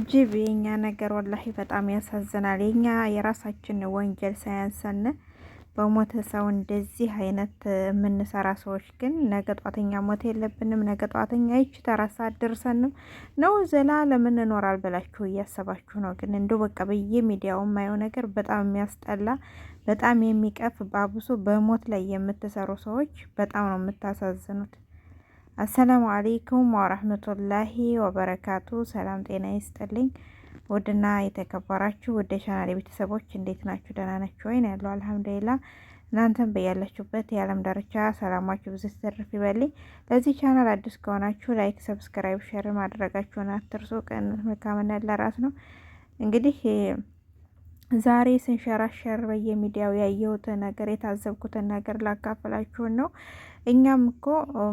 አጅብ የኛ ነገር ወላሂ በጣም ያሳዝናል። የኛ የራሳችን ወንጀል ሳያንሰን በሞተ ሰው እንደዚህ አይነት የምንሰራ ሰዎች ግን ነገ ጧተኛ ሞት የለብንም። ነገ ጧተኛ ይች ተራሳ አደርሰንም ነው ዘላለም እንኖራል ብላችሁ እያሰባችሁ ነው። ግን እንደው በቃ በየሚዲያው የማየው ነገር በጣም የሚያስጠላ በጣም የሚቀፍ ባብሶ በሞት ላይ የምትሰሩ ሰዎች በጣም ነው የምታሳዝኑት። አሰላሙ አሌይኩም ወረህመቱላሂ ወበረካቱ። ሰላም ጤና ይስጥልኝ። ውድና የተከበራችሁ ውድ የቻናሌ ቤተሰቦች እንዴት ናችሁ? ደህና ናችሁ ወይ? ነው ያለው አልሐምዱሊላ። እናንተም በያላችሁበት የዓለም ዳርቻ ሰላማችሁ ብዙ ትርፍ ይበልኝ። ለዚህ ቻናል አዲስ ከሆናችሁ ላይክ፣ ሰብስክራይብ፣ ሼር ማድረጋችሁን አትርሱ። ቀንነት መልካምነት ለራስ ነው። እንግዲህ ዛሬ ስንሸራሸር በየሚዲያው ያየሁትን ነገር የታዘብኩትን ነገር ላካፈላችሁን ነው። እኛም እኮ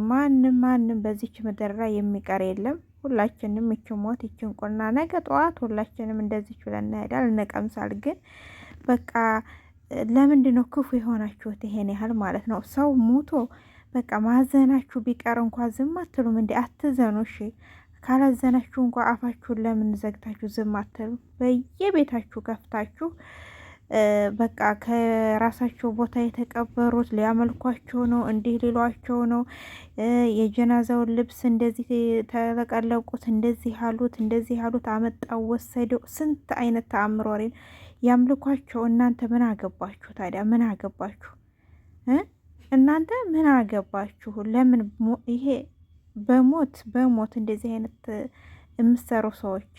ማንም ማንም በዚች ምድር ላይ የሚቀር የለም። ሁላችንም ይች ሞት ይችን ቁና ነገ ጠዋት ሁላችንም እንደዚች ብለን እንሄዳል እንቀምሳል። ግን በቃ ለምንድን ነው ክፉ የሆናችሁት ይሄን ያህል ማለት ነው? ሰው ሞቶ በቃ ማዘናችሁ ቢቀር እንኳ ዝም አትሉም እንዴ? አትዘኑ እሺ። ካላዘናችሁ እንኳ አፋችሁን ለምን ዘግታችሁ ዝም አትሉ? በየቤታችሁ ከፍታችሁ በቃ ከራሳቸው ቦታ የተቀበሩት ሊያመልኳቸው ነው፣ እንዲህ ሊሏቸው ነው። የጀናዛውን ልብስ እንደዚህ ተለቀለቁት፣ እንደዚህ አሉት፣ እንደዚህ አሉት፣ አመጣው፣ ወሰደው፣ ስንት አይነት ተአምር ወሬን ያምልኳቸው። እናንተ ምን አገባችሁ ታዲያ? ምን አገባችሁ እናንተ ምን አገባችሁ? ለምን ይሄ በሞት በሞት እንደዚህ አይነት የምትሰሩ ሰዎች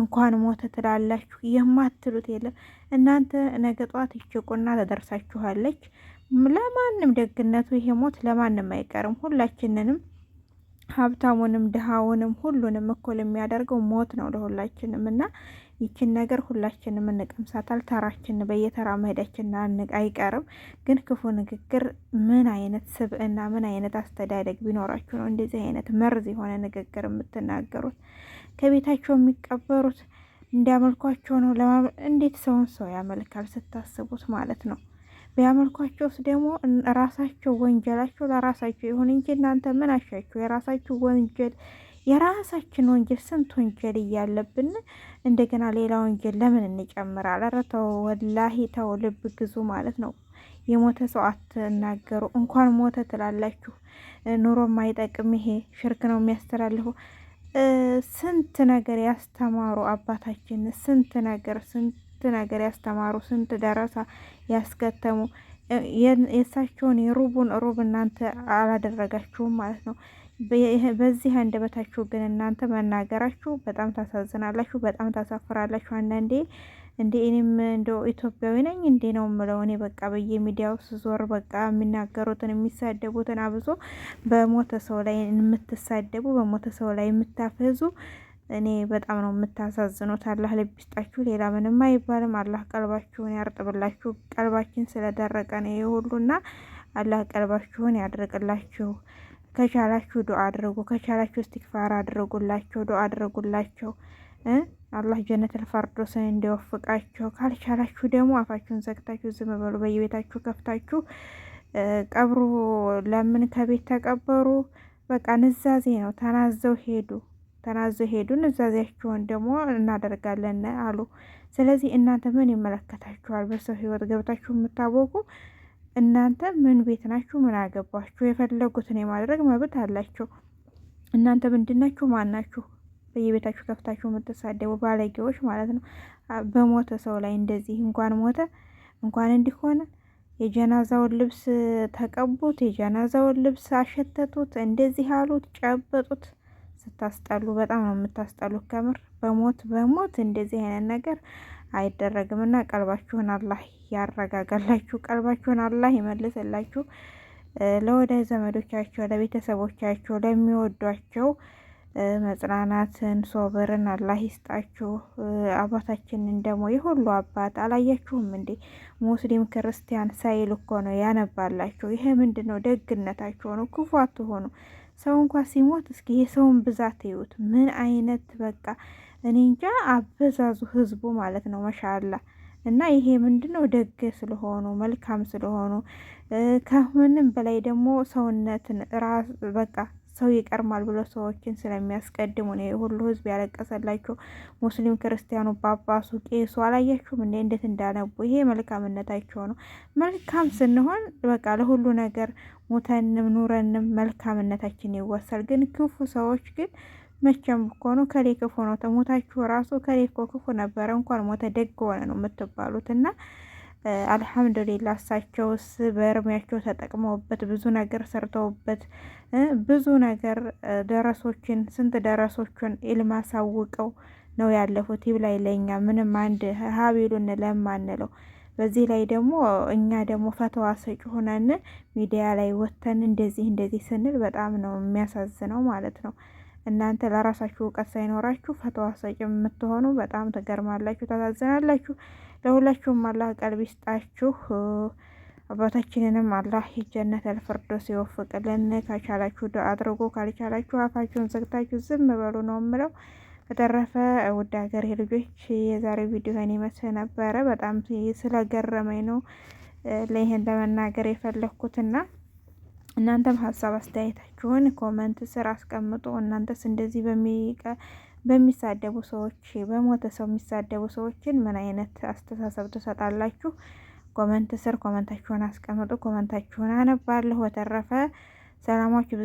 እንኳን ሞተ ትላላችሁ የማትሉት የለም። እናንተ ነገ ጠዋት ይችቁና ተደርሳችኋለች። ለማንም ደግነቱ ይሄ ሞት ለማንም አይቀርም። ሁላችንንም ሀብታሙንም ድሃውንም ሁሉንም እኩል የሚያደርገው ሞት ነው ለሁላችንም እና ይችን ነገር ሁላችንም እንቀምሳታል። ተራችን በየተራ መሄዳችን አይቀርም። ግን ክፉ ንግግር ምን አይነት ስብዕና፣ ምን አይነት አስተዳደግ ቢኖራችሁ ነው እንደዚህ አይነት መርዝ የሆነ ንግግር የምትናገሩት? ከቤታቸው የሚቀበሩት እንዲያመልኳቸው ነው። እንዴት ሰውን ሰው ያመልካል ስታስቡት ማለት ነው። ቢያመልኳቸውስ ደግሞ ራሳቸው ወንጀላቸው ለራሳቸው ይሁን እንጂ እናንተ ምን አሻችሁ? የራሳችሁ ወንጀል የራሳችን ወንጀል ስንት ወንጀል እያለብን እንደገና ሌላ ወንጀል ለምን እንጨምራል? ኧረ ተው ወላሂ ተው፣ ልብ ግዙ ማለት ነው። የሞተ ሰው አትናገሩ። እንኳን ሞተ ትላላችሁ። ኑሮ ማይጠቅም? ይሄ ሽርክ ነው የሚያስተላልፈው። ስንት ነገር ያስተማሩ አባታችን፣ ስንት ነገር ስንት ነገር ያስተማሩ፣ ስንት ደረሳ ያስከተሙ የእሳቸውን የሩቡን ሩብ እናንተ አላደረጋችሁም ማለት ነው። በዚህ አንደበታችሁ ግን እናንተ መናገራችሁ በጣም ታሳዝናላችሁ፣ በጣም ታሳፍራላችሁ። አንዳንዴ እንዴ እኔም እንደው ኢትዮጵያዊ ነኝ እንዴ ነው ምለው እኔ በቃ በየሚዲያው ስዞር በቃ የሚናገሩትን የሚሳደቡትን አብዞ በሞተ ሰው ላይ የምትሳደቡ በሞተ ሰው ላይ የምታፈዙ እኔ በጣም ነው የምታሳዝኑት። አላህ ልብ ይስጣችሁ። ሌላ ምንም አይባልም። አላህ ቀልባችሁን ያርጥብላችሁ። ቀልባችን ስለደረቀ ነው ይሄ ሁሉ ሁሉና፣ አላህ ቀልባችሁን ያድርቅላችሁ። ከቻላችሁ ዱአ አድርጉ፣ ከቻላችሁ እስቲክፋር አድርጉላቸው፣ ዱአ አድርጉላቸው። አላህ ጀነተል ፈርዶስን እንዲወፍቃቸው። ካልቻላችሁ ደግሞ አፋችሁን ዘግታችሁ ዝም በሉ። በየቤታችሁ ከፍታችሁ ቀብሩ ለምን ከቤት ተቀበሩ። በቃ ንዛዜ ነው። ተናዘው ሄዱ። ተናዘው ሄዱን። እዛዚያቸውን ደግሞ እናደርጋለን አሉ። ስለዚህ እናንተ ምን ይመለከታችኋል? በሰው ህይወት ገብታችሁ የምታወቁ እናንተ ምን ቤት ናችሁ? ምን አገባችሁ? የፈለጉትን የማድረግ መብት አላቸው። እናንተ ምንድናችሁ? ናችሁ? በየቤታችሁ ከፍታችሁ የምትሳደቡ ባለጌዎች ማለት ነው። በሞተ ሰው ላይ እንደዚህ እንኳን ሞተ እንኳን እንዲሆነ የጀናዛውን ልብስ ተቀቡት፣ የጀናዛውን ልብስ አሸተቱት፣ እንደዚህ አሉት፣ ጨበጡት። ስታስጠሉ፣ በጣም ነው የምታስጠሉ። ከምር በሞት በሞት እንደዚህ አይነት ነገር አይደረግም እና ቀልባችሁን አላህ ያረጋጋላችሁ፣ ቀልባችሁን አላህ ይመልስላችሁ። ለወዳጅ ዘመዶቻቸው፣ ለቤተሰቦቻቸው፣ ለሚወዷቸው መጽናናትን ሶብርን አላህ ይስጣችሁ። አባታችንን ደግሞ የሁሉ አባት አላያችሁም እንዴ? ሙስሊም ክርስቲያን ሳይል እኮ ነው ያነባላችሁ። ይሄ ምንድን ነው ደግነታችሁ ነው። ክፉ አትሆኑ። ሰው እንኳ ሲሞት እስኪ የሰውን ብዛት ይዩት። ምን አይነት በቃ እኔ እንጃ አበዛዙ ህዝቡ ማለት ነው መሻላ እና ይሄ ምንድነው ደግ ስለሆኑ መልካም ስለሆኑ ከምንም በላይ ደግሞ ሰውነትን ራስ በቃ ሰው ይቀርማል ብሎ ሰዎችን ስለሚያስቀድሙ ነው ሁሉ ህዝብ ያለቀሰላቸው። ሙስሊም ክርስቲያኑ፣ ጳጳሱ፣ ቄሱ አላያችሁም እንዴ እንዴት እንዳነቡ? ይሄ መልካምነታቸው ነው። መልካም ስንሆን በቃ ለሁሉ ነገር ሙተንም ኑረንም መልካምነታችን ይወሰል። ግን ክፉ ሰዎች ግን መቼም እኮ ነው ከሌ ክፉ ነው ተሞታችሁ ራሱ ከሌ እኮ ክፉ ነበረ እንኳን ሞተ ደግ ሆነ ነው የምትባሉት እና አልሐምዱሊላ እሳቸውስ በእርሜያቸው ተጠቅመውበት ብዙ ነገር ሰርተውበት ብዙ ነገር ደረሶችን ስንት ደረሶችን ኢልም አሳውቀው ነው ያለፉት። ላይ ለእኛ ምንም አንድ ሀቢሉን ለማንለው በዚህ ላይ ደግሞ እኛ ደግሞ ፈተዋ ሰጭ ሆነን ሚዲያ ላይ ወተን እንደዚህ እንደዚህ ስንል በጣም ነው የሚያሳዝነው ማለት ነው። እናንተ ለራሳችሁ እውቀት ሳይኖራችሁ ፈተዋ ሰጭ የምትሆኑ በጣም ተገርማላችሁ፣ ታሳዝናላችሁ። ለሁላችሁም አላህ ቀልብ ይስጣችሁ። አባታችንንም አላህ የጀነት አልፈርዶስ ይወፍቅልን። ካቻላችሁ ዱዓ አድርጉ፣ ካልቻላችሁ አፋችሁን ዘግታችሁ ዝም በሉ ነው የምለው። በተረፈ ውድ ሀገሬ ልጆች የዛሬ ቪዲዮ ይህን ይመስል ነበረ። በጣም ስለገረመኝ ነው ለይህን ለመናገር የፈለግኩትና እናንተም ሀሳብ አስተያየታችሁን ኮመንት ስር አስቀምጡ። እናንተስ እንደዚህ በሚሳደቡ ሰዎች በሞተ ሰው የሚሳደቡ ሰዎችን ምን አይነት አስተሳሰብ ትሰጣላችሁ? ኮመንት ስር ኮመንታችሁን አስቀምጡ። ኮመንታችሁን አነባለሁ። በተረፈ ሰላማችሁ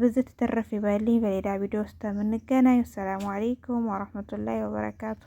ብዝት ትርፍ ይበልኝ። በሌላ ቪዲዮ ውስጥ የምንገናኝ። ሰላሙ አሌይኩም ወረህመቱላሂ ወበረካቱ።